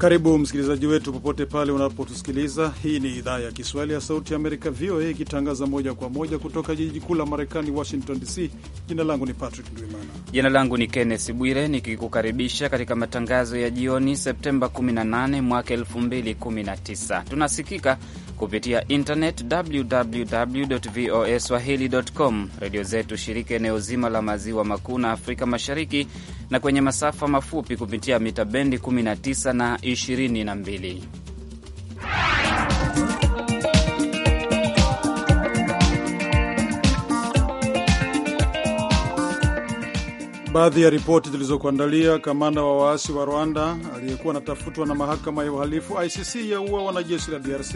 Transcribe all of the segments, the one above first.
Karibu msikilizaji wetu popote pale unapotusikiliza. Hii ni idhaa ya Kiswahili ya Sauti ya Amerika, VOA, ikitangaza moja kwa moja kutoka jiji kuu la Marekani, Washington DC. Jina langu ni Patrick Ndwimana. Jina langu ni Kenneth Bwire, nikikukaribisha katika matangazo ya jioni, Septemba 18 mwaka 2019. Tunasikika kupitia internet www voa swahili com, redio zetu shirika eneo zima la maziwa makuu na Afrika Mashariki na kwenye masafa mafupi kupitia mita bendi 19 na 22. Baadhi ya ripoti zilizokuandalia: kamanda wa waasi wa Rwanda aliyekuwa anatafutwa na mahakama ya uhalifu ICC yaua wanajeshi la DRC.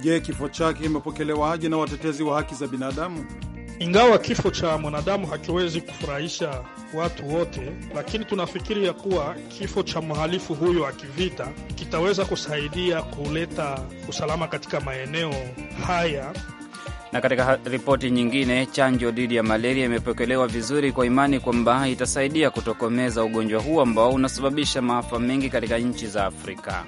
Je, kifo chake kimepokelewaje na watetezi wa haki za binadamu? Ingawa kifo cha mwanadamu hakiwezi kufurahisha watu wote, lakini tunafikiri ya kuwa kifo cha mhalifu huyo wa kivita kitaweza kusaidia kuleta usalama katika maeneo haya. Na katika ripoti nyingine, chanjo dhidi ya malaria imepokelewa vizuri kwa imani kwamba itasaidia kutokomeza ugonjwa huu ambao unasababisha maafa mengi katika nchi za Afrika.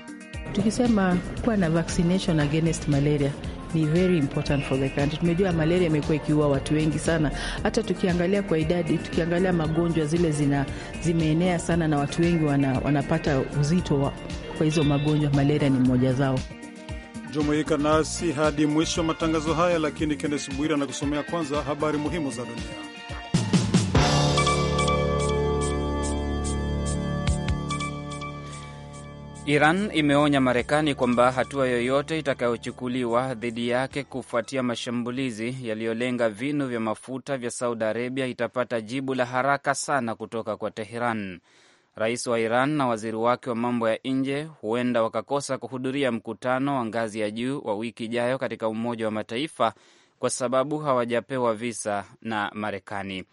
Tukisema kuwa na vaccination against malaria ni very important for the country. Tumejua malaria imekuwa ikiua watu wengi sana, hata tukiangalia kwa idadi, tukiangalia magonjwa zile zina, zimeenea sana na watu wengi wana, wanapata uzito wa, kwa hizo magonjwa, malaria ni mmoja zao. Jumuika nasi hadi mwisho wa matangazo haya, lakini Kennes Bwira anakusomea kwanza habari muhimu za dunia. Iran imeonya Marekani kwamba hatua yoyote itakayochukuliwa dhidi yake kufuatia mashambulizi yaliyolenga vinu vya mafuta vya Saudi Arabia itapata jibu la haraka sana kutoka kwa Teheran. Rais wa Iran na waziri wake wa mambo ya nje huenda wakakosa kuhudhuria mkutano wa ngazi ya juu wa wiki ijayo katika Umoja wa Mataifa kwa sababu hawajapewa visa na Marekani.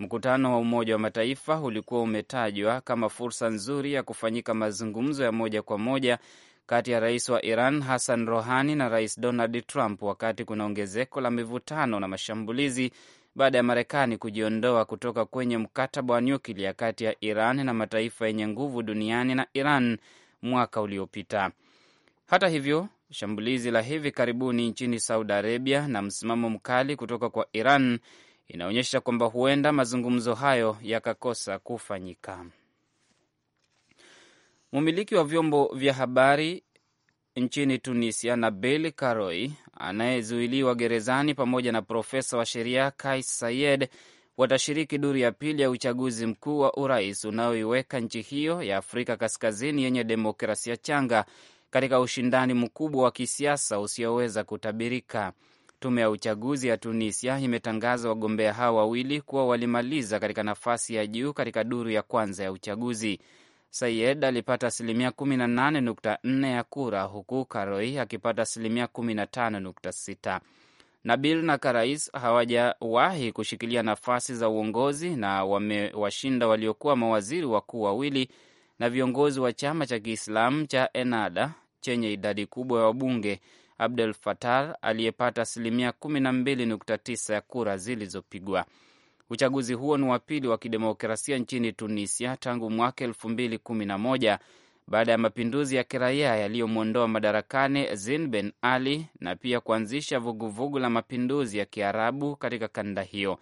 Mkutano wa Umoja wa Mataifa ulikuwa umetajwa kama fursa nzuri ya kufanyika mazungumzo ya moja kwa moja kati ya rais wa Iran Hassan Rohani na rais Donald Trump, wakati kuna ongezeko la mivutano na mashambulizi baada ya Marekani kujiondoa kutoka kwenye mkataba wa nyuklia kati ya Iran na mataifa yenye nguvu duniani na Iran mwaka uliopita. Hata hivyo, shambulizi la hivi karibuni nchini Saudi Arabia na msimamo mkali kutoka kwa Iran inaonyesha kwamba huenda mazungumzo hayo yakakosa kufanyika. mumiliki wa vyombo vya habari nchini Tunisia, Nabil Karoui, anayezuiliwa gerezani, pamoja na profesa wa sheria Kais Sayed watashiriki duru ya pili ya uchaguzi mkuu wa urais unaoiweka nchi hiyo ya Afrika Kaskazini yenye demokrasia changa katika ushindani mkubwa wa kisiasa usioweza kutabirika. Tume ya uchaguzi ya Tunisia imetangaza wagombea hao wawili kuwa walimaliza katika nafasi ya juu katika duru ya kwanza ya uchaguzi. Sayed alipata asilimia 18.4 ya kura huku Karoi akipata asilimia 15.6. Nabil na Karais hawajawahi kushikilia nafasi za uongozi na wamewashinda waliokuwa mawaziri wakuu wawili na viongozi wa chama cha Kiislamu cha Ennahda chenye idadi kubwa ya wabunge Abdel Fattah aliyepata asilimia 12.9 ya kura zilizopigwa. Uchaguzi huo ni wa pili wa kidemokrasia nchini Tunisia tangu mwaka 2011 baada ya mapinduzi ya kiraia yaliyomwondoa madarakani Zine Ben Ali na pia kuanzisha vuguvugu vugu la mapinduzi ya Kiarabu katika kanda hiyo.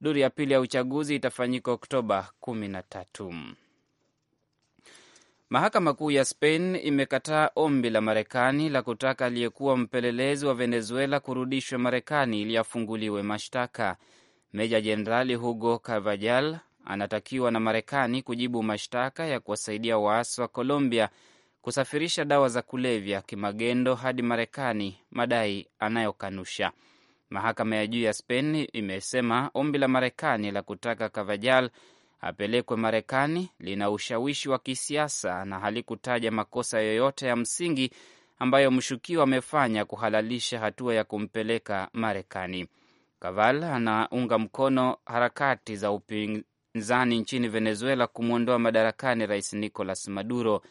Duru ya pili ya uchaguzi itafanyika Oktoba 13. Mahakama Kuu ya Spain imekataa ombi la Marekani la kutaka aliyekuwa mpelelezi wa Venezuela kurudishwa Marekani ili afunguliwe mashtaka. Meja Jenerali Hugo Carvajal anatakiwa na Marekani kujibu mashtaka ya kuwasaidia waasi wa Colombia kusafirisha dawa za kulevya kimagendo hadi Marekani, madai anayokanusha. Mahakama ya juu ya Spain imesema ombi la Marekani la kutaka Carvajal apelekwe Marekani lina ushawishi wa kisiasa na halikutaja makosa yoyote ya msingi ambayo mshukiwa amefanya kuhalalisha hatua ya kumpeleka Marekani. Kaval anaunga mkono harakati za upinzani nchini Venezuela kumwondoa madarakani rais Nicolas Maduro.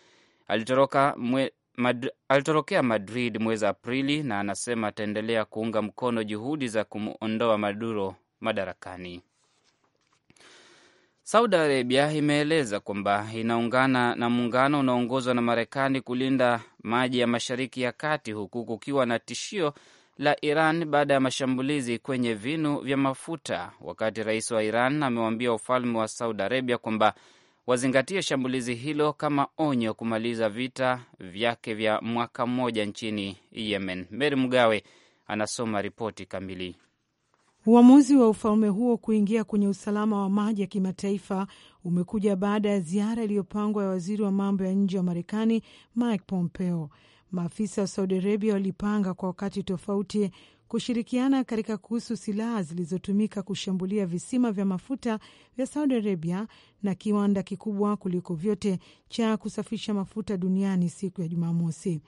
Alitoroka mwe, mad, alitorokea Madrid mwezi Aprili na anasema ataendelea kuunga mkono juhudi za kumwondoa Maduro madarakani. Saudi Arabia imeeleza kwamba inaungana na muungano unaoongozwa na Marekani kulinda maji ya Mashariki ya Kati, huku kukiwa na tishio la Iran baada ya mashambulizi kwenye vinu vya mafuta, wakati rais wa Iran amewaambia ufalme wa Saudi Arabia kwamba wazingatie shambulizi hilo kama onyo kumaliza vita vyake vya mwaka mmoja nchini Yemen. Meri Mgawe anasoma ripoti kamili. Uamuzi wa ufalme huo kuingia kwenye usalama wa maji ya kimataifa umekuja baada ya ziara iliyopangwa ya waziri wa mambo ya nje wa Marekani Mike Pompeo. Maafisa wa Saudi Arabia walipanga kwa wakati tofauti kushirikiana katika kuhusu silaha zilizotumika kushambulia visima vya mafuta vya Saudi Arabia na kiwanda kikubwa kuliko vyote cha kusafisha mafuta duniani siku ya Jumamosi.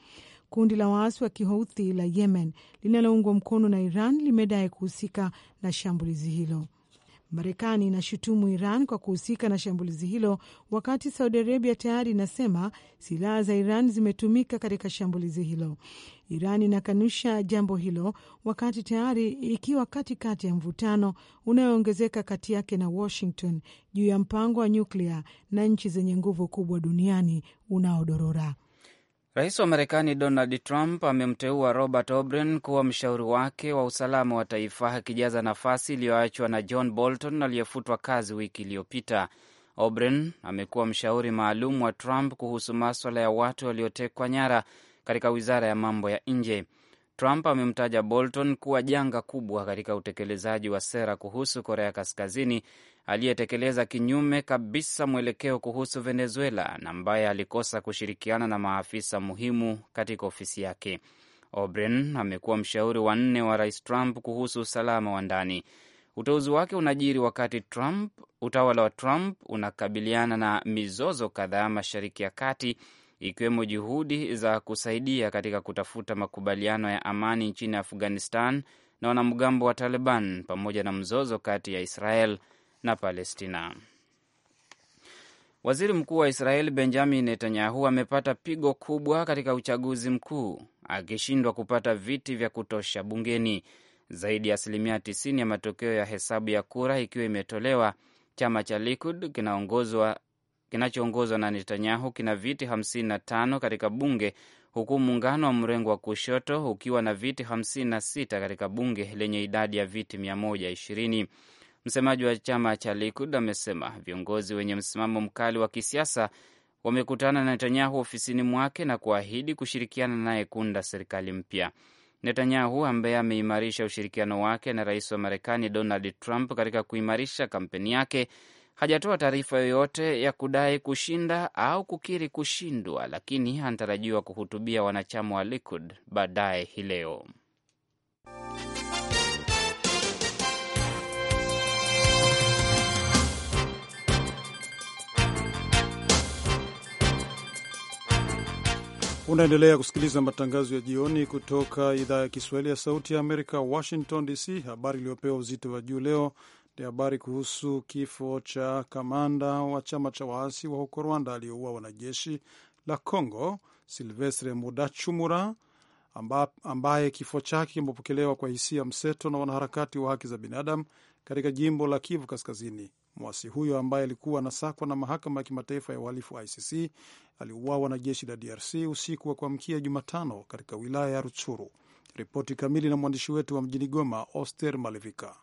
Kundi la waasi wa kihouthi la Yemen linaloungwa mkono na Iran limedai kuhusika na shambulizi hilo. Marekani inashutumu Iran kwa kuhusika na shambulizi hilo, wakati Saudi Arabia tayari inasema silaha za Iran zimetumika katika shambulizi hilo. Iran inakanusha jambo hilo, wakati tayari ikiwa katikati ya mvutano unayoongezeka kati yake na Washington juu ya mpango wa nyuklia na nchi zenye nguvu kubwa duniani unaodorora. Rais wa Marekani Donald Trump amemteua Robert O'Brien kuwa mshauri wake wa usalama wa taifa akijaza nafasi iliyoachwa na John Bolton aliyefutwa kazi wiki iliyopita. O'Brien amekuwa mshauri maalum wa Trump kuhusu maswala ya watu waliotekwa nyara katika wizara ya mambo ya nje. Trump amemtaja Bolton kuwa janga kubwa katika utekelezaji wa sera kuhusu Korea Kaskazini aliyetekeleza kinyume kabisa mwelekeo kuhusu Venezuela na ambaye alikosa kushirikiana na maafisa muhimu katika ofisi yake. Obren amekuwa mshauri wa nne wa rais Trump kuhusu usalama wa ndani. Uteuzi wake unajiri wakati Trump, utawala wa Trump unakabiliana na mizozo kadhaa Mashariki ya Kati, ikiwemo juhudi za kusaidia katika kutafuta makubaliano ya amani nchini Afghanistan na wanamgambo wa Taliban pamoja na mzozo kati ya Israel na Palestina. Waziri mkuu wa Israel Benjamin Netanyahu amepata pigo kubwa katika uchaguzi mkuu akishindwa kupata viti vya kutosha bungeni. Zaidi ya asilimia 90 ya matokeo ya hesabu ya kura ikiwa imetolewa, chama cha Likud kinachoongozwa na Netanyahu kina viti 55 katika bunge, huku muungano wa mrengo wa kushoto ukiwa na viti 56 katika bunge lenye idadi ya viti 120. Msemaji wa chama cha Likud amesema viongozi wenye msimamo mkali wa kisiasa wamekutana na Netanyahu ofisini mwake na kuahidi kushirikiana naye kuunda serikali mpya. Netanyahu ambaye ameimarisha ushirikiano wake na rais wa Marekani Donald Trump katika kuimarisha kampeni yake hajatoa taarifa yoyote ya kudai kushinda au kukiri kushindwa, lakini anatarajiwa kuhutubia wanachama wa Likud baadaye hii leo. Unaendelea kusikiliza matangazo ya jioni kutoka idhaa ya Kiswahili ya Sauti ya Amerika, Washington DC. Habari iliyopewa uzito wa juu leo ni habari kuhusu kifo cha kamanda wa chama cha waasi wa huko Rwanda aliyeua wanajeshi la Congo, Silvestre Mudachumura, ambaye kifo chake kimepokelewa kwa hisia mseto na wanaharakati wa haki za binadamu katika jimbo la Kivu Kaskazini. Mwasi huyo ambaye alikuwa anasakwa na mahakama ya kimataifa ya uhalifu ICC aliuawa na jeshi la DRC usiku wa kuamkia Jumatano katika wilaya ya rutsuru Ripoti kamili na mwandishi wetu wa mjini Goma, Oster Malevika.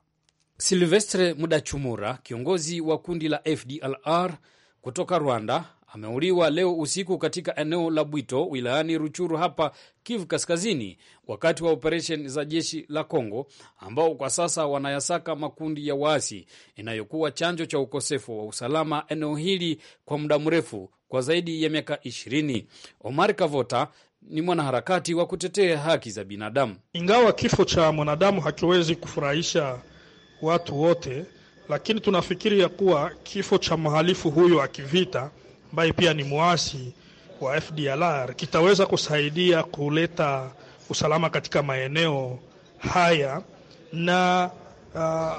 Silvestre Mudachumura, kiongozi wa kundi la FDLR kutoka Rwanda, ameuliwa leo usiku katika eneo la Bwito wilayani Ruchuru hapa Kivu Kaskazini, wakati wa operesheni za jeshi la Kongo ambao kwa sasa wanayasaka makundi ya waasi inayokuwa chanjo cha ukosefu wa usalama eneo hili kwa muda mrefu kwa zaidi ya miaka ishirini. Omar Kavota ni mwanaharakati wa kutetea haki za binadamu. Ingawa kifo cha mwanadamu hakiwezi kufurahisha watu wote, lakini tunafikiri ya kuwa kifo cha mhalifu huyo akivita ambaye pia ni muasi wa FDLR kitaweza kusaidia kuleta usalama katika maeneo haya na uh,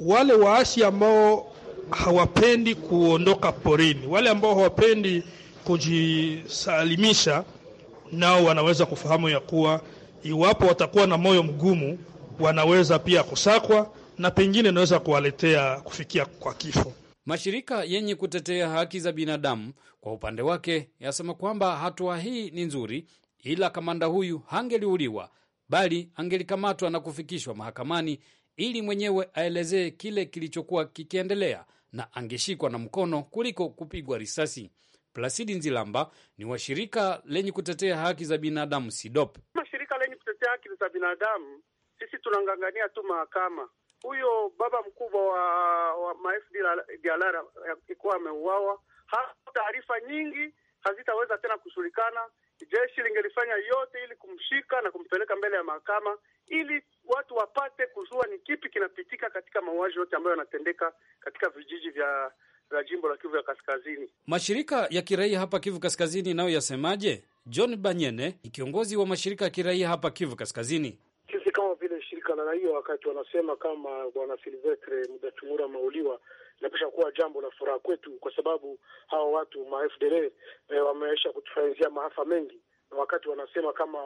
wale waasi ambao hawapendi kuondoka porini, wale ambao hawapendi kujisalimisha, nao wanaweza kufahamu ya kuwa iwapo watakuwa na moyo mgumu, wanaweza pia kusakwa na pengine inaweza kuwaletea kufikia kwa kifo. Mashirika yenye kutetea haki za binadamu kwa upande wake yasema kwamba hatua hii ni nzuri, ila kamanda huyu hangeliuliwa bali angelikamatwa na kufikishwa mahakamani ili mwenyewe aelezee kile kilichokuwa kikiendelea na angeshikwa na mkono kuliko kupigwa risasi. Plasidi Nzilamba ni wa shirika lenye kutetea haki za binadamu SIDOP. Mashirika lenye kutetea haki za binadamu, sisi tunang'ang'ania tu mahakama huyo baba mkubwa wa, wa Maes Dialara ikuwa ameuawa, taarifa nyingi hazitaweza tena kushirikana. Jeshi lingelifanya yote ili kumshika na kumpeleka mbele ya mahakama ili watu wapate kujua ni kipi kinapitika katika mauaji yote ambayo yanatendeka katika vijiji vya vya jimbo la Kivu ya Kaskazini. Mashirika ya kiraia hapa Kivu Kaskazini nayo yasemaje? John Banyene ni kiongozi wa mashirika ya kiraia hapa Kivu Kaskazini kutokana na hiyo, wakati wanasema kama bwana Silvestre Mudachumura ameuliwa, inapisha kuwa jambo la furaha kwetu, kwa sababu hawa watu ma FDL eh, wameisha kutufanyizia maafa mengi, na wakati wanasema kama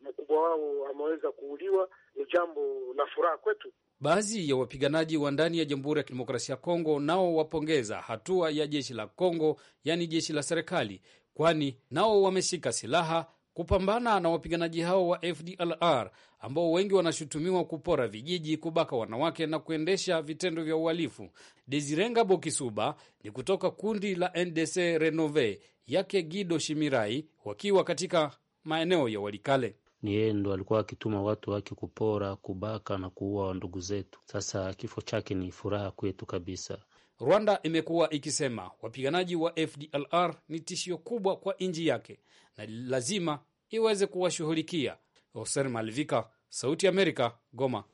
mkubwa wao ameweza kuuliwa, ni jambo la furaha kwetu. Baadhi ya wapiganaji wa ndani ya Jamhuri ya Kidemokrasia ya Kongo nao wapongeza hatua ya jeshi la Kongo, yaani jeshi la serikali, kwani nao wameshika silaha kupambana na wapiganaji hao wa FDLR ambao wengi wanashutumiwa kupora vijiji, kubaka wanawake na kuendesha vitendo vya uhalifu. Desirenga Bokisuba ni kutoka kundi la NDC Renove yake Gido Shimirai wakiwa katika maeneo ya Walikale. Ni yeye ndo alikuwa akituma watu wake kupora, kubaka na kuua ndugu zetu. Sasa kifo chake ni furaha kwetu kabisa. Rwanda imekuwa ikisema wapiganaji wa FDLR ni tishio kubwa kwa nchi yake na lazima iweze kuwashughulikia. Hosen Malivika, Sauti ya Amerika, Goma.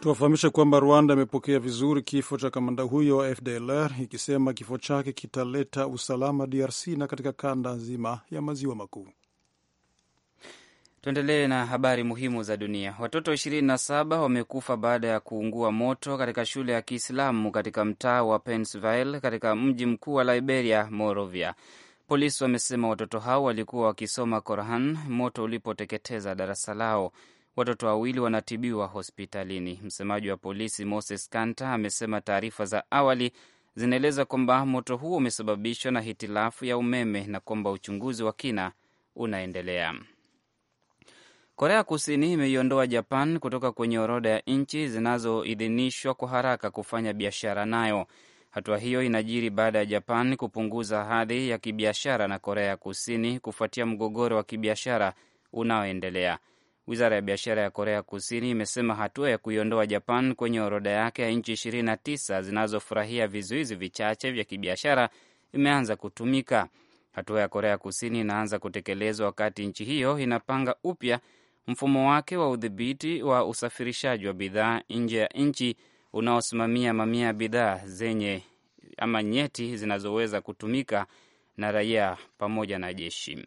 Tuwafahamishe kwamba Rwanda imepokea vizuri kifo cha kamanda huyo wa FDLR ikisema kifo chake kitaleta usalama DRC na katika kanda nzima ya maziwa makuu. Tuendelee na habari muhimu za dunia. Watoto 27 wamekufa baada ya kuungua moto katika shule ya Kiislamu katika mtaa wa Pennsville katika mji mkuu wa Liberia, Monrovia. Polisi wamesema watoto hao walikuwa wakisoma Korhan moto ulipoteketeza darasa lao. Watoto wawili wanatibiwa hospitalini. Msemaji wa polisi Moses Kanta amesema taarifa za awali zinaeleza kwamba moto huo umesababishwa na hitilafu ya umeme na kwamba uchunguzi wa kina unaendelea. Korea Kusini imeiondoa Japan kutoka kwenye orodha ya nchi zinazoidhinishwa kwa haraka kufanya biashara nayo. Hatua hiyo inajiri baada ya Japan kupunguza hadhi ya kibiashara na Korea Kusini kufuatia mgogoro wa kibiashara unaoendelea. Wizara ya biashara ya Korea Kusini imesema hatua ya kuiondoa Japan kwenye orodha yake ya nchi 29 zinazofurahia vizuizi vichache vya kibiashara imeanza kutumika. Hatua ya Korea Kusini inaanza kutekelezwa wakati nchi hiyo inapanga upya mfumo wake wa udhibiti wa usafirishaji wa bidhaa nje ya nchi unaosimamia mamia ya bidhaa zenye ama nyeti zinazoweza kutumika na raia pamoja na jeshi.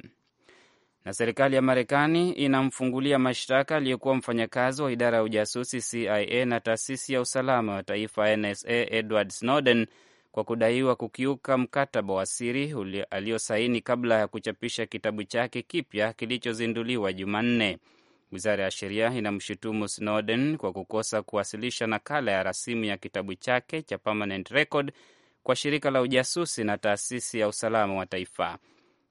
Na serikali ya Marekani inamfungulia mashtaka aliyekuwa mfanyakazi wa idara ya ujasusi CIA na taasisi ya usalama wa taifa NSA Edward Snowden kwa kudaiwa kukiuka mkataba wa siri aliyosaini kabla ya kuchapisha kitabu chake kipya kilichozinduliwa Jumanne. Wizara ya Sheria inamshutumu Snowden kwa kukosa kuwasilisha nakala ya rasimu ya kitabu chake cha Permanent Record kwa shirika la ujasusi na taasisi ya usalama wa taifa.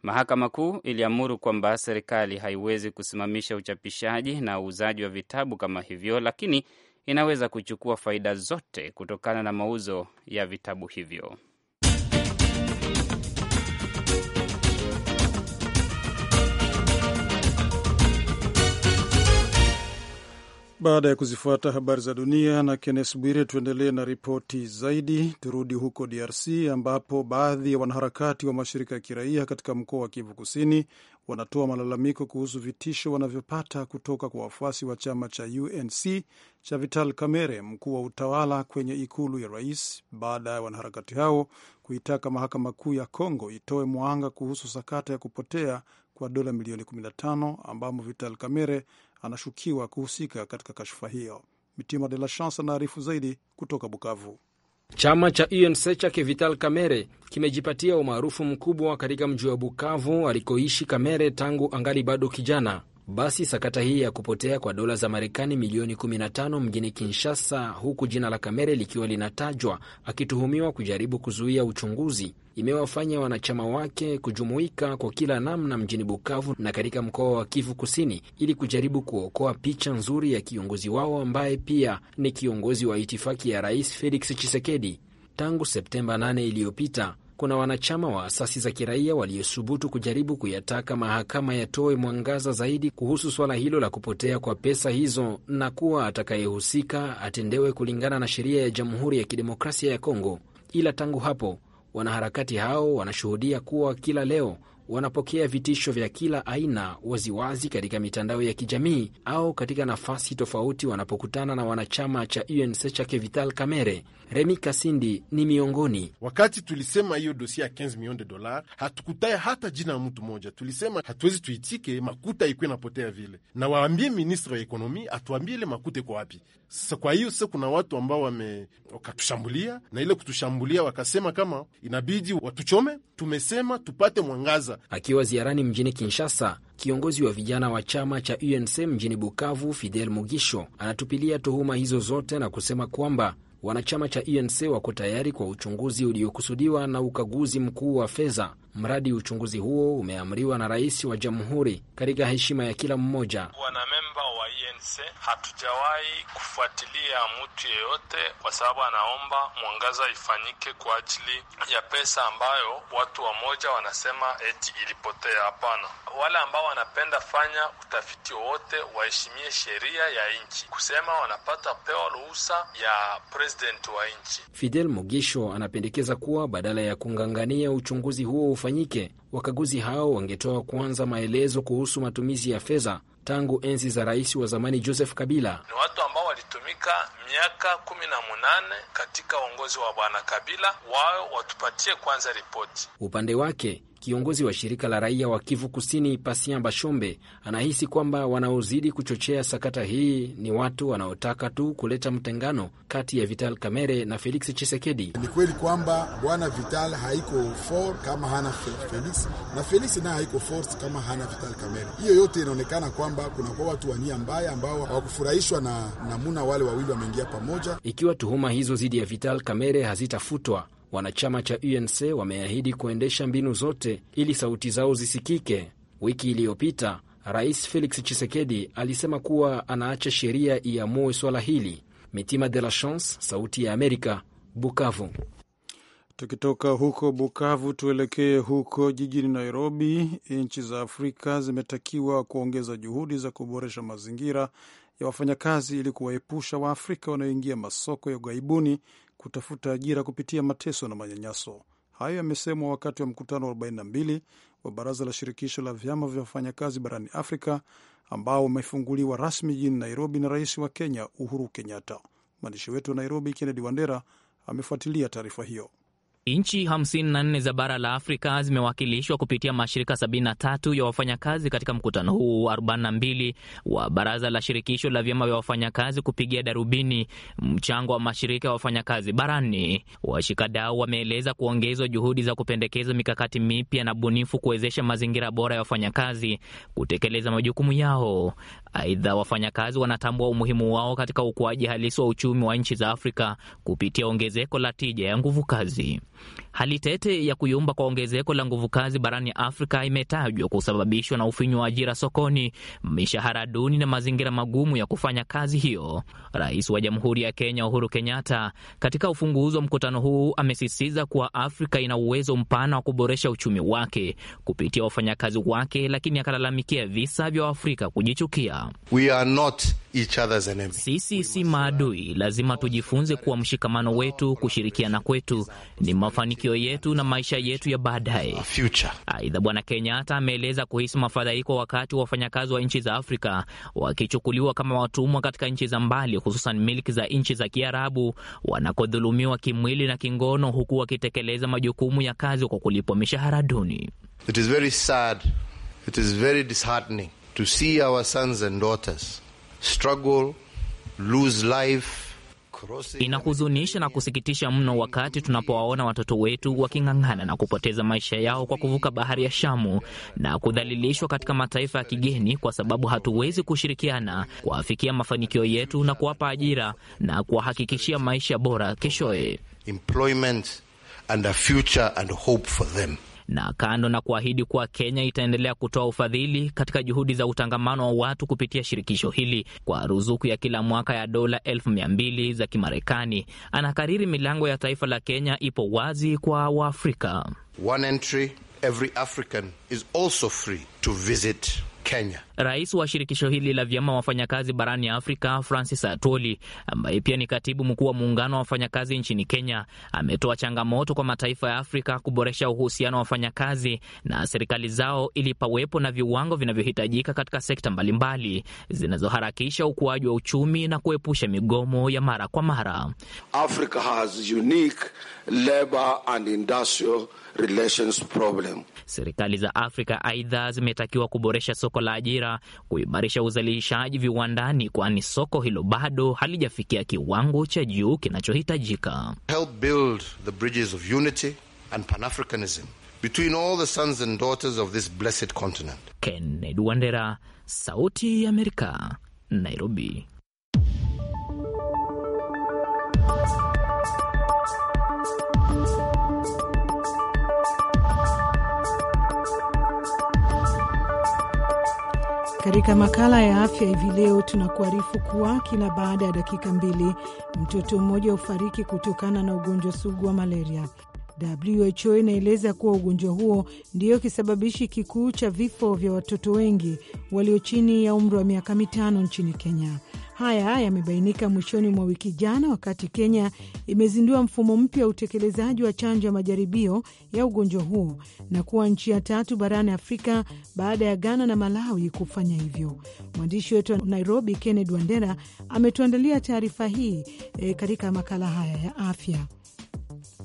Mahakama Kuu iliamuru kwamba serikali haiwezi kusimamisha uchapishaji na uuzaji wa vitabu kama hivyo, lakini inaweza kuchukua faida zote kutokana na mauzo ya vitabu hivyo. Baada ya kuzifuata habari za dunia na Kennes Bwire, tuendelee na ripoti zaidi. Turudi huko DRC ambapo baadhi ya wanaharakati wa mashirika ya kiraia katika mkoa wa Kivu Kusini wanatoa malalamiko kuhusu vitisho wanavyopata kutoka kwa wafuasi wa chama cha UNC cha Vital Kamerhe, mkuu wa utawala kwenye ikulu ya rais, baada ya wanaharakati hao kuitaka mahakama kuu ya Kongo itoe mwanga kuhusu sakata ya kupotea kwa dola milioni 15 ambamo Vital Kamerhe anashukiwa kuhusika katika kashfa hiyo. Mitima de la Chance anaarifu zaidi kutoka Bukavu. Chama cha UNC chake Vital Kamere kimejipatia umaarufu mkubwa katika mji wa Bukavu alikoishi Kamere tangu angali bado kijana. Basi sakata hii ya kupotea kwa dola za Marekani milioni 15 mjini Kinshasa, huku jina la Kamere likiwa linatajwa akituhumiwa kujaribu kuzuia uchunguzi, imewafanya wanachama wake kujumuika kwa kila namna mjini Bukavu na katika mkoa wa Kivu Kusini ili kujaribu kuokoa picha nzuri ya kiongozi wao ambaye pia ni kiongozi wa itifaki ya Rais Felix Tshisekedi. Tangu Septemba 8 iliyopita kuna wanachama wa asasi za kiraia waliosubutu kujaribu kuyataka mahakama yatoe mwangaza zaidi kuhusu swala hilo la kupotea kwa pesa hizo na kuwa atakayehusika atendewe kulingana na sheria ya Jamhuri ya Kidemokrasia ya Kongo. Ila tangu hapo wanaharakati hao wanashuhudia kuwa kila leo wanapokea vitisho vya kila aina waziwazi katika mitandao ya kijamii au katika nafasi tofauti wanapokutana na wanachama cha UNC chake Vital Kamere Remi Kasindi ni miongoni. Wakati tulisema hiyo dosia ya 15 milioni de dolar, hatukutaye hata jina ya mtu mmoja. Tulisema hatuwezi tuitike makuta ikuwe napotea vile, na waambie ministre wa ekonomi atuambie ile makuta iko wapi. Sasa kwa hiyo sasa kuna watu ambao wame na ile kutushambulia wakasema kama inabidi watuchome. Tumesema tupate mwangaza. Akiwa ziarani mjini Kinshasa, Kiongozi wa vijana wa chama cha UNC mjini Bukavu, Fidel Mugisho, anatupilia tuhuma hizo zote na kusema kwamba wanachama cha ENC wako tayari kwa uchunguzi uliokusudiwa na ukaguzi mkuu wa fedha, mradi uchunguzi huo umeamriwa na rais wa jamhuri katika heshima ya kila mmoja. Wanamemba ANC hatujawahi kufuatilia mtu yeyote, kwa sababu anaomba mwangaza ifanyike kwa ajili ya pesa ambayo watu wamoja wanasema eti ilipotea. Hapana, wale ambao wanapenda fanya utafiti wowote waheshimie sheria ya nchi, kusema wanapata pewa ruhusa ya president wa nchi. Fidel Mugisho anapendekeza kuwa badala ya kungangania uchunguzi huo ufanyike, wakaguzi hao wangetoa kwanza maelezo kuhusu matumizi ya fedha tangu enzi za rais wa zamani Joseph Kabila. Ni watu ambao walitumika miaka kumi na munane katika uongozi wa bwana Kabila, wao watupatie kwanza ripoti. Upande wake kiongozi wa shirika la raia wa Kivu Kusini Pasia Bashombe anahisi kwamba wanaozidi kuchochea sakata hii ni watu wanaotaka tu kuleta mtengano kati ya Vital Kamere na Felix Chisekedi. Ni kweli kwamba bwana Vital haiko for kama hana Felix na Felix naye haiko for kama hana Vital Kamere. Hiyo yote inaonekana kwamba kunakuwa watu wa nia mbaya ambao hawakufurahishwa na, na Hamuna wale wawili wameingia pamoja. Ikiwa tuhuma hizo dhidi ya Vital Kamerhe hazitafutwa, wanachama cha UNC wameahidi kuendesha mbinu zote ili sauti zao zisikike. Wiki iliyopita Rais Felix Tshisekedi alisema kuwa anaacha sheria iamue swala hili. Mitima de la Chance, Sauti ya Amerika, Bukavu. Tukitoka huko Bukavu, tuelekee huko jijini Nairobi. Nchi za Afrika zimetakiwa kuongeza juhudi za kuboresha mazingira ya wafanyakazi ili kuwaepusha Waafrika wanaoingia masoko ya ughaibuni kutafuta ajira kupitia mateso na manyanyaso. Hayo yamesemwa wakati wa mkutano wa 42 wa Baraza la Shirikisho la Vyama vya Wafanyakazi barani Afrika ambao wamefunguliwa rasmi jijini Nairobi na Rais wa Kenya Uhuru Kenyatta. Mwandishi wetu wa Nairobi Kennedy Wandera amefuatilia taarifa hiyo. Nchi 54 za bara la Afrika zimewakilishwa kupitia mashirika 73 ya wafanyakazi katika mkutano huu 42 wa baraza la shirikisho la vyama vya wafanyakazi kupigia darubini mchango wa mashirika ya wafanyakazi barani. Washikadau wameeleza kuongezwa juhudi za kupendekeza mikakati mipya na bunifu kuwezesha mazingira bora ya wafanyakazi kutekeleza majukumu yao. Aidha, wafanyakazi wanatambua umuhimu wao katika ukuaji halisi wa uchumi wa nchi za Afrika kupitia ongezeko la tija ya nguvu kazi. Hali tete ya kuyumba kwa ongezeko la nguvu kazi barani Afrika imetajwa kusababishwa na ufinyu wa ajira sokoni, mishahara duni na mazingira magumu ya kufanya kazi hiyo. Rais wa Jamhuri ya Kenya Uhuru Kenyatta, katika ufunguzi wa mkutano huu, amesisitiza kuwa Afrika ina uwezo mpana wa kuboresha uchumi wake kupitia wafanyakazi wake, lakini akalalamikia visa vya Waafrika kujichukia. We are not each other's enemy. Sisi si maadui, lazima tujifunze kuwa mshikamano wetu, kushirikiana kwetu ni mafanikio yetu na maisha yetu ya baadaye. Aidha, Bwana Kenyatta ameeleza kuhisi mafadhaiko wakati wa wafanyakazi wa nchi za Afrika wakichukuliwa kama watumwa katika nchi za mbali, hususan milki za nchi za Kiarabu, wanakodhulumiwa kimwili na kingono, huku wakitekeleza majukumu ya kazi kwa kulipwa mishahara duni. It is very sad. It is very disheartening to see our sons and daughters struggle, lose life. Inahuzunisha na kusikitisha mno wakati tunapowaona watoto wetu waking'ang'ana na kupoteza maisha yao kwa kuvuka bahari ya Shamu na kudhalilishwa katika mataifa ya kigeni, kwa sababu hatuwezi kushirikiana kuafikia mafanikio yetu na kuwapa ajira na kuwahakikishia maisha bora keshoye. Employment and a future and hope for them na kando na kuahidi kuwa Kenya itaendelea kutoa ufadhili katika juhudi za utangamano wa watu kupitia shirikisho hili kwa ruzuku ya kila mwaka ya dola elfu mia mbili za Kimarekani, anakariri milango ya taifa la Kenya ipo wazi kwa Waafrika. One entry every African is also free to visit Kenya. Rais wa shirikisho hili la vyama wafanyakazi barani Afrika, Francis Atoli, ambaye pia ni katibu mkuu wa muungano wa wafanyakazi nchini Kenya, ametoa changamoto kwa mataifa ya Afrika kuboresha uhusiano wa wafanyakazi na serikali zao ili pawepo na viwango vinavyohitajika katika sekta mbalimbali zinazoharakisha ukuaji wa uchumi na kuepusha migomo ya mara kwa mara. Africa has unique labor and industrial relations problem. Serikali za Afrika aidha zimetakiwa kuboresha soko la ajira ajira, kuimarisha uzalishaji viwandani, kwani soko hilo bado halijafikia kiwango cha juu kinachohitajika. Help build the bridges of unity and pan-Africanism between all the sons and daughters of this blessed continent. Kennedy Wandera, Sauti ya Amerika, Nairobi. Katika makala ya afya hivi leo tunakuarifu kuwa kila baada ya dakika mbili mtoto mmoja hufariki kutokana na ugonjwa sugu wa malaria. WHO inaeleza kuwa ugonjwa huo ndiyo kisababishi kikuu cha vifo vya watoto wengi walio chini ya umri wa miaka mitano nchini Kenya. Haya yamebainika mwishoni mwa wiki jana, wakati Kenya imezindua mfumo mpya wa utekelezaji wa chanjo ya majaribio ya ugonjwa huo na kuwa nchi ya tatu barani Afrika baada ya Ghana na Malawi kufanya hivyo. Mwandishi wetu wa Nairobi, Kenneth Wandera, ametuandalia taarifa hii e, katika makala haya ya afya.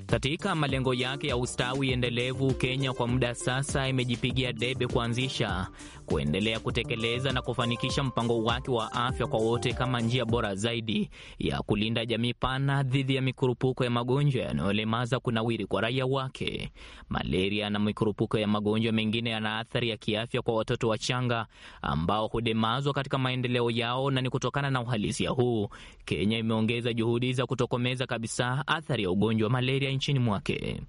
Katika malengo yake ya ustawi endelevu, Kenya kwa muda sasa imejipigia debe kuanzisha kuendelea kutekeleza na kufanikisha mpango wake wa afya kwa wote kama njia bora zaidi ya kulinda jamii pana dhidi ya mikurupuko ya magonjwa yanayolemaza kunawiri kwa raia wake. Malaria na mikurupuko ya magonjwa mengine yana athari ya kiafya kwa watoto wachanga ambao hudemazwa katika maendeleo yao, na ni kutokana na uhalisia huu, Kenya imeongeza juhudi za kutokomeza kabisa athari ya ugonjwa wa malaria nchini mwake.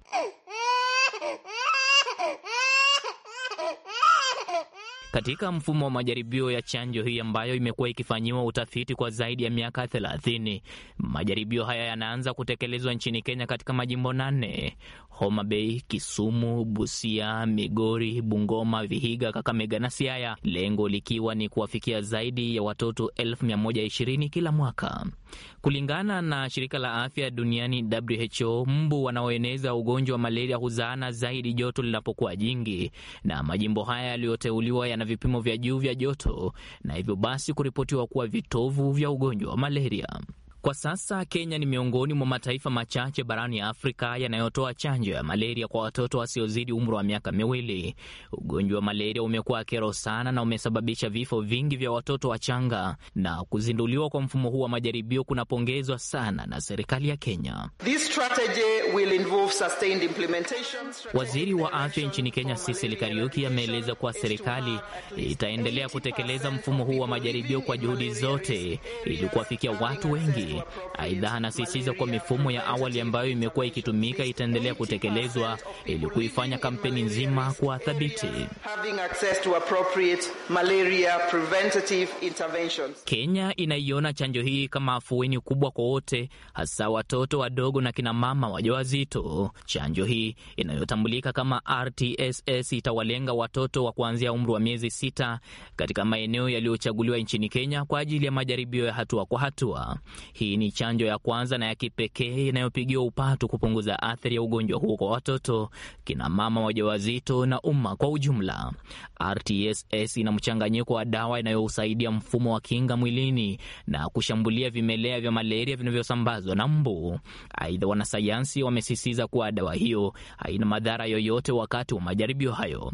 Katika mfumo wa majaribio ya chanjo hii ambayo imekuwa ikifanyiwa utafiti kwa zaidi ya miaka 30, majaribio haya yanaanza kutekelezwa nchini Kenya katika majimbo nane: Homa Bay, Kisumu, Busia, Migori, Bungoma, Vihiga, Kakamega na Siaya, lengo likiwa ni kuwafikia zaidi ya watoto 120 kila mwaka. Kulingana na shirika la afya duniani WHO, mbu wanaoeneza ugonjwa wa malaria huzaana zaidi joto linapokuwa jingi, na majimbo haya yaliyoteuliwa na vipimo vya juu vya joto na hivyo basi kuripotiwa kuwa vitovu vya ugonjwa wa malaria. Kwa sasa Kenya ni miongoni mwa mataifa machache barani Afrika yanayotoa chanjo ya malaria kwa watoto wasiozidi umri wa miaka miwili. Ugonjwa wa malaria umekuwa kero sana na umesababisha vifo vingi vya watoto wachanga, na kuzinduliwa kwa mfumo huu wa majaribio kunapongezwa sana na serikali ya Kenya. Waziri wa afya nchini Kenya sisili Kariuki ameeleza kuwa serikali itaendelea kutekeleza mfumo huu wa majaribio kwa juhudi zote ili kuwafikia watu wengi serikali. Aidha, anasisitiza kuwa mifumo ya awali ambayo imekuwa ikitumika itaendelea kutekelezwa ili kuifanya kampeni nzima kuwa thabiti. Kenya inaiona chanjo hii kama afueni kubwa kwa wote, hasa watoto wadogo na kinamama wajawazito. Chanjo hii inayotambulika kama RTSS itawalenga watoto wa kuanzia umri wa miezi sita katika maeneo yaliyochaguliwa nchini Kenya kwa ajili ya majaribio ya hatua kwa hatua. Hii ni chanjo ya kwanza na ya kipekee inayopigiwa upatu kupunguza athari ya ugonjwa huo kwa watoto, kina mama wajawazito na umma kwa ujumla. RTSS ina mchanganyiko wa dawa inayousaidia mfumo wa kinga mwilini na kushambulia vimelea vya malaria vinavyosambazwa na mbu. Aidha, wanasayansi wamesisitiza kuwa dawa hiyo haina madhara yoyote wakati wa majaribio hayo.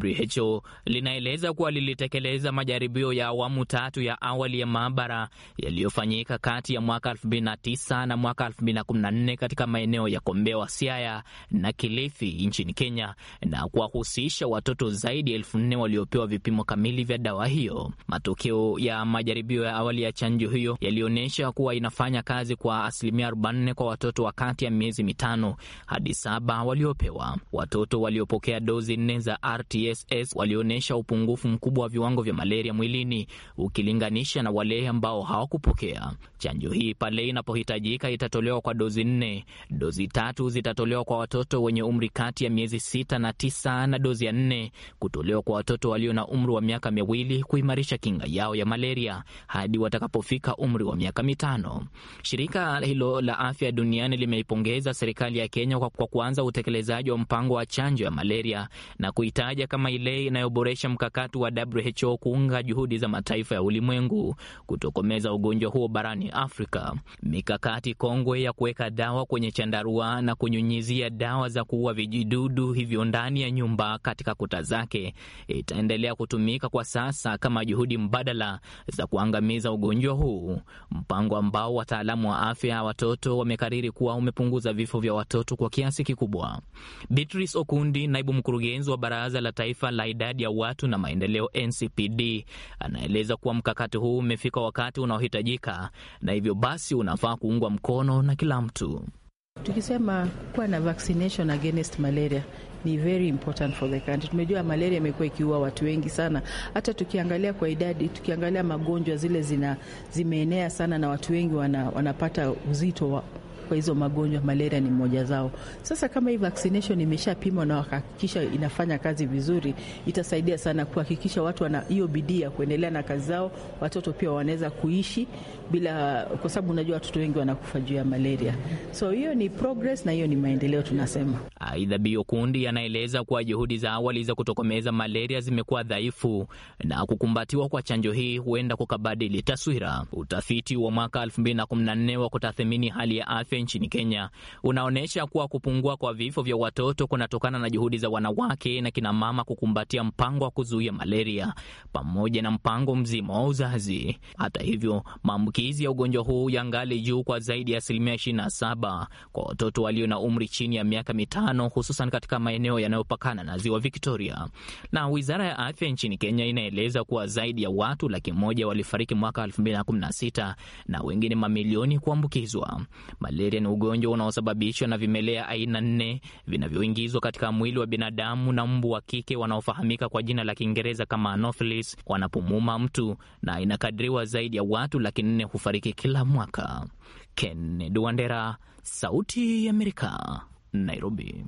WHO linaeleza kuwa lilitekeleza majaribio ya awamu tatu ya awali ya maabara yaliyofanyika kati ya mwaka 2009 na mwaka 2014 katika maeneo ya Kombewa, Siaya na Kilifi nchini Kenya na kuwahusisha watoto zaidi ya elfu nne waliopewa vipimo kamili vya dawa hiyo. Matokeo ya majaribio ya awali ya chanjo hiyo yalionyesha kuwa inafanya kazi kwa asilimia 44 kwa watoto wa kati ya miezi mitano hadi saba waliopewa. Watoto waliopokea dozi nne za RTSS walionyesha upungufu mkubwa wa viwango vya malaria mwilini ukilinganisha na wale ambao hawakupokea chanjo hii pale inapohitajika itatolewa kwa dozi nne. Dozi tatu zitatolewa kwa watoto wenye umri kati ya miezi sita na tisa na dozi ya nne kutolewa kwa watoto walio na umri wa miaka miwili kuimarisha kinga yao ya malaria hadi watakapofika umri wa miaka mitano. Shirika hilo la afya duniani limeipongeza serikali ya Kenya kwa kuanza utekelezaji wa mpango wa chanjo ya malaria na kuitaja kama ile inayoboresha mkakati wa WHO kuunga juhudi za mataifa ya ulimwengu kutokomeza ugonjwa huo barani Afrika. Afrika. Mikakati kongwe ya kuweka dawa kwenye chandarua na kunyunyizia dawa za kuua vijidudu hivyo ndani ya nyumba katika kuta zake itaendelea kutumika kwa sasa kama juhudi mbadala za kuangamiza ugonjwa huu, mpango ambao wataalamu wa afya ya watoto wamekariri kuwa umepunguza vifo vya watoto kwa kiasi kikubwa. Beatrice Okundi, naibu mkurugenzi wa Baraza la Taifa la Idadi ya Watu na Maendeleo, NCPD, anaeleza kuwa mkakati huu umefika wakati unaohitajika na hivyo basi unafaa kuungwa mkono na kila mtu. Tukisema kuwa na vaccination against malaria ni very important for the country. Tumejua malaria imekuwa ikiua watu wengi sana, hata tukiangalia kwa idadi, tukiangalia magonjwa zile zina zimeenea sana na watu wengi wana, wanapata uzito wa kwa hizo magonjwa, malaria ni mmoja zao. Sasa kama hii vaccination imeshapimwa na wakahakikisha inafanya kazi vizuri, itasaidia sana kuhakikisha watu wana hiyo bidii ya kuendelea na kazi zao, watoto pia wanaweza kuishi bila, kwa sababu unajua watoto wengi wanakufa juu ya malaria. So hiyo ni progress na hiyo ni maendeleo tunasema. Aidha, Bio Kundi anaeleza kuwa juhudi za awali za kutokomeza malaria zimekuwa dhaifu na kukumbatiwa kwa chanjo hii huenda kukabadili taswira. Utafiti wa mwaka 2014 wa kutathmini hali ya afya nchini Kenya unaonyesha kuwa kupungua kwa vifo vya watoto kunatokana na juhudi za wanawake na kinamama kukumbatia mpango wa kuzuia malaria pamoja na mpango mzima wa uzazi. Hata hivyo, maambukizi maambukizi ya ugonjwa huu yangali juu kwa zaidi ya asilimia 27 kwa watoto walio na umri chini ya miaka mitano, hususan katika maeneo yanayopakana na ziwa Victoria. Na wizara ya afya nchini Kenya inaeleza kuwa zaidi ya watu laki moja walifariki mwaka 2016 na wengine mamilioni kuambukizwa. Malaria ni ugonjwa unaosababishwa na vimelea aina nne vinavyoingizwa katika mwili wa binadamu na mbu wa kike wanaofahamika kwa jina la Kiingereza kama Anopheles wanapomuma mtu na inakadiriwa zaidi ya watu laki nne Tanzania kufariki kila mwaka. Kennedy Wandera, Sauti ya Amerika, Nairobi.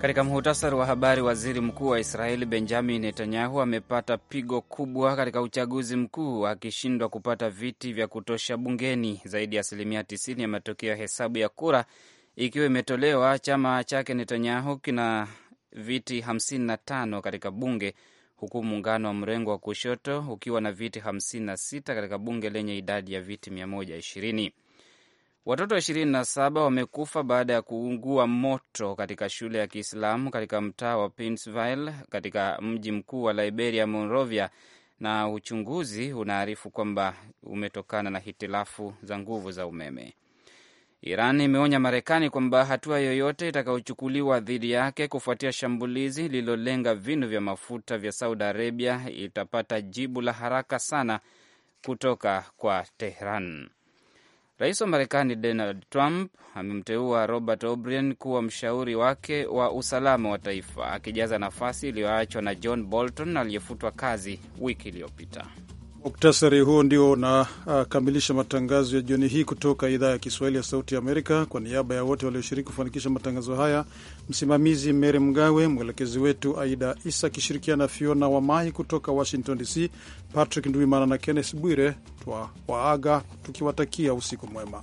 Katika muhtasari wa habari, waziri mkuu wa Israeli Benjamin Netanyahu amepata pigo kubwa katika uchaguzi mkuu akishindwa kupata viti vya kutosha bungeni. Zaidi ya asilimia 90 ya matokeo ya hesabu ya kura ikiwa imetolewa, chama chake Netanyahu kina viti 55 katika bunge huku muungano wa mrengo wa kushoto ukiwa na viti 56 katika bunge lenye idadi ya viti 120. Watoto 27 wamekufa baada ya kuungua moto katika shule ya Kiislamu katika mtaa wa pinsvil katika mji mkuu wa Liberia, Monrovia, na uchunguzi unaarifu kwamba umetokana na hitilafu za nguvu za umeme. Iran imeonya Marekani kwamba hatua yoyote itakayochukuliwa dhidi yake kufuatia shambulizi lililolenga vinu vya mafuta vya Saudi Arabia itapata jibu la haraka sana kutoka kwa Tehran. Rais wa Marekani Donald Trump amemteua Robert O'Brien kuwa mshauri wake wa usalama wa taifa, akijaza nafasi iliyoachwa na John Bolton aliyefutwa kazi wiki iliyopita. Muktasari huo ndio unakamilisha matangazo ya jioni hii kutoka idhaa ya Kiswahili ya Sauti Amerika. Kwa niaba ya wote walioshiriki kufanikisha matangazo haya, msimamizi mery Mgawe, mwelekezi wetu Aida Isa akishirikiana na Fiona Wamai kutoka Washington DC, Patrick Ndwimana na Kenneth Bwire twa waaga tukiwatakia usiku mwema.